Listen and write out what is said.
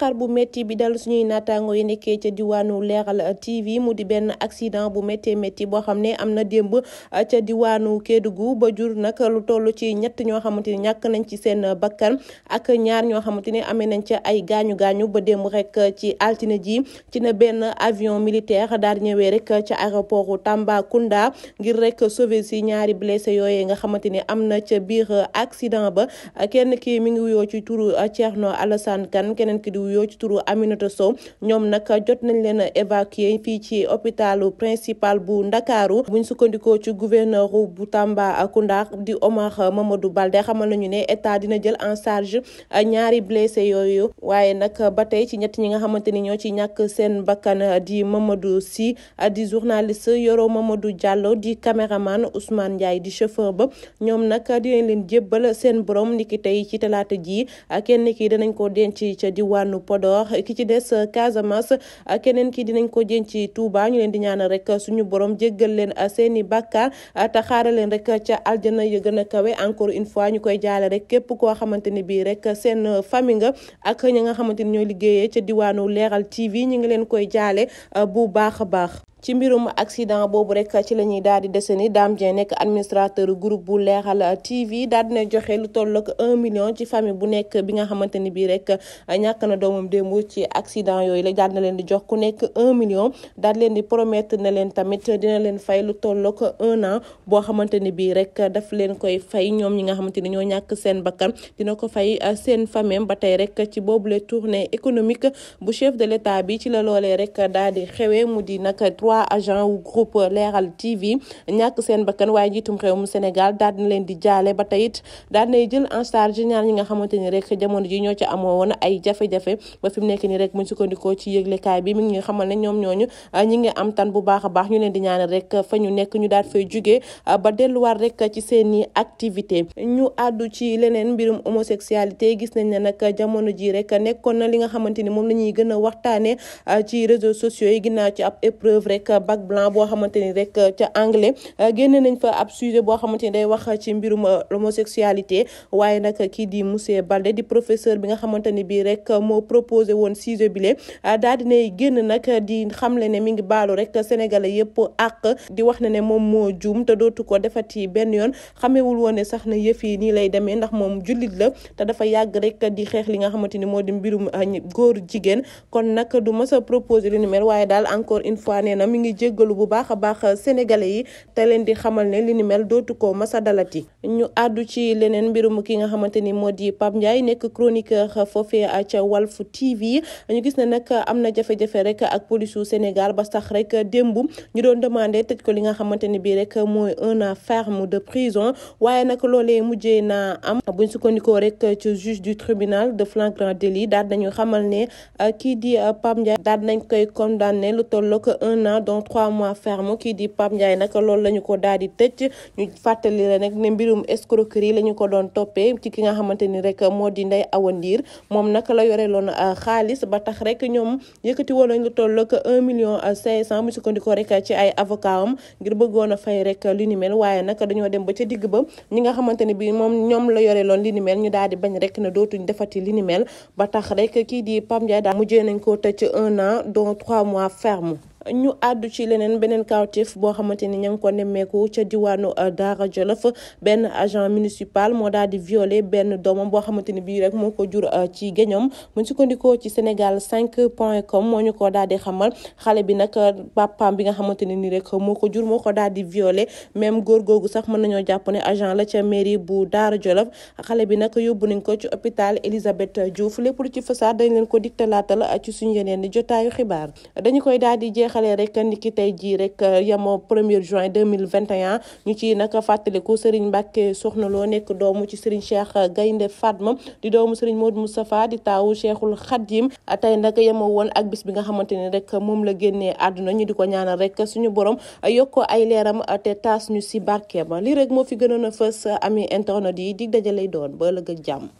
naqar bu métti bi dal suñuy naataango yi nekkee ca diwaanu leeral TV mu di benn accident bu méttee métti boo xam ne am na démb ah, ca diwaanu Kédougou ba jur nag lu toll ci ñett ñoo xamante ni ñàkk nañ ci seen bakkan ak ñaar ñoo xamante ni amee nañ ca ay gaañu ba démb rek ci altine ji ci na benn avion militaire daal ñëwee rek ca aéroportu Tambacounda ngir rek sauver si ñaari blessé yooyee nga xamante ni am na ca biir accident ba kenn ki mu ngi wuyoo ci turu ah, Thierno Alassane Kane keneen ki di wuyoo ci turu Aminata Sow ñoom nag jot nañ leen a évacuer fii ci hôpitalu principal bu Ndakaaru buñ sukkandikoo ci gouverneur bu Tambacounda di Omar Mamadou Baldé xamal nañu ne état dina jël en charge ñaari blessé yooyu waaye nag ba tey ci ñett ñi nga xamante ni ñoo ci ñàkk seen bakkan di Mamadou Sy di journaliste Yoro Mamadou Diallo di caméraman Ousmane Ndiaye di chauffeur ba ñoom nag dinañ leen jébbal seen borom niki tey ci talaata ji kenn ki diwaanu Podor ki ci des euh, Casamance keneen ki dinañ ko jën ci Touba ñu leen di ñaanal rek suñu boroom jéggal leen euh, seeni bàkkaar euh, te xaaral leen rek ca aljana ya gën a kawe encore une fois ñu koy jaale rek képp koo xamante ni bii rek seen famille nga ak ñi nga xamante ni ñooy liggéeyee ca diwaanu Leral TV ñu ngi leen koy jaale bu baax a baax. ci mbirum accident boobu rek ci la ñuy daal di dese ni Dame Dieng nekk administrateur groupe bu Leral TV daal dina joxe lu toll un million ci famille bu nekk bi nga xamante ni bii rek ñàkk na doomam démb ci accident yooyu la daal na leen di jox ku nekk un million daal leen di promettre na leen tamit dina leen fay lu toll un an boo xamante ni bii rek daf leen koy fay ñoom ñi nga xamante ni ñoo ñàkk seen bakkan dina ko fay euh, seen famille ba tey rek ci boobu boobule tournée économique bu chef de l' état bi ci la loole rek daal di xewee mu di nag. trois agents wu groupe Leral TV ñàkk seen bakkan waaye njiitum réew mu Sénégal daal dina leen di jaale ba tey it daal dinay jël en charge ñaar ñi nga xamante ni rek jamono ji ñoo ci amoo woon ay jafe-jafe ba fi ni rek mu sukkandikoo ci yëglekaay bi mi ngi xamal ne ñoom ñooñu ah, ñi ngi am tan bu baax a baax ñu leen di ñaanal rek fa ñu nekk ñu daal fay jugee ah, ba delluwaat rek ci seeni activité ñu àddu ci leneen mbirum homosexualité gis nañ ne nag jamono ji rek nekkoon na li nga xamante ni moom la ñuy gën a waxtaane ah, ci réseaux sociaux yi ginnaaw ci épreuve rek bac blanc boo xamante ni rek euh, ca anglais euh, génne nañ fa ab sujet boo xamante ni day wax ci mbirum euh, homosexualité waaye nag kii di monsieur Balde di professeur bi nga xamante ni bii rek moo proposé woon sujet bi lee daal dinay génn nag di xamle ne mi ngi baalu rek sénégalais yëpp àq wax ne ne moom moo juum te dootu ko defati benn yoon xamewul woon ne sax na yëf yi nii lay demee ndax moom jullit la te dafa yàgg rek di xeex li nga xamante ni moo di mbirum góor jigéen kon nag du mës a lu ni waaye daal encore une fois mi ngi jéggalu bu baax a baax sénégalais yi te leen di xamal ne li ni mel dootu ko masa dalati ñu àddu ci leneen mbirum ki nga xamante ni moo di Pape Ndiaye nekk chroniqueur foofee ca Walf TV ñu gis ne nag am na jafe-jafe rek ak polisu Sénégal ba sax rek démb ñu doon demande tëj ko li nga xamante ni bii rek mooy un an ferme de prison waaye nag loolee mujjee na am buñ sukkandikoo rek ci juge du tribunal de flagrant délit daal nañu xamal ne kii di Pape an dont trois mois ferme kii di Pape Ndiaye nag loolu la ñu ko daal di tëj ñu fàttali la nag ne mbirum escroquerie la ñu ko doon toppee ci ki nga xamante ni rek moo di ndey Awa Ndiir moom nag la yore loon euh, xaalis ba tax rek ñoom yëkkati woon nañ lu toll un million euh, cinq cent mu sukkandikoo rek ci ay avocat am ngir bëggoon a fay rek li ni waaye nag dañoo dem ba ca digg ba ñi nga xamante ni bi moom ñoom la yore loon li ni ñu daal di bañ rek ne dootuñ defati linimel ba tax rek kii di Pape Ndiaye daal mujjee nañ ko tëj un an dont trois mois ferme ñu àddu ci leneen beneen kawtif boo xamante ni ña ngi ko nemmeeku ca diwaanu euh, Daara Jolof benn agent municipal moo daal di violé benn doomam boo xamante ni bii rek moo ko jur euh, ci géñom mu sukkandikoo ci Sénégal 5 point com moo ñu ko daal di xamal xale bi nag euh, papaam bi nga xamante ne nii rek moo ko jur moo ko daal di violé même góor sax mën nañoo jàpp ne agent la ca mairie bu Daara Jolof xale bi nag yóbbu nañ ko ci hôpital Elisabeth jouf lépp lu ci fasaad dañ leen ko diktalaatal ci suñu yeneen jotaayu xibaar dañu koy daal jeex xale rek ni ki tey jii rek euh, yemoo premier juin 2021 ñu ci nag fàttaliku Serigne Mbacke Soxna loo nekk doomu ci Serigne Cheikh euh, Gaynde Fatma di doomu Serigne Modou Moustapha di taawu Cheikhul Khadim euh, tey nag yemoo woon ak bis bi nga xamante ni rek moom la génnee àdduna ñu di ko ñaanal rek suñu borom yokk ay leeram te taas ñu si ba lii rek moo fi gënoon a fës ami internet yi dig dajalay doon ba ëllëg jàmm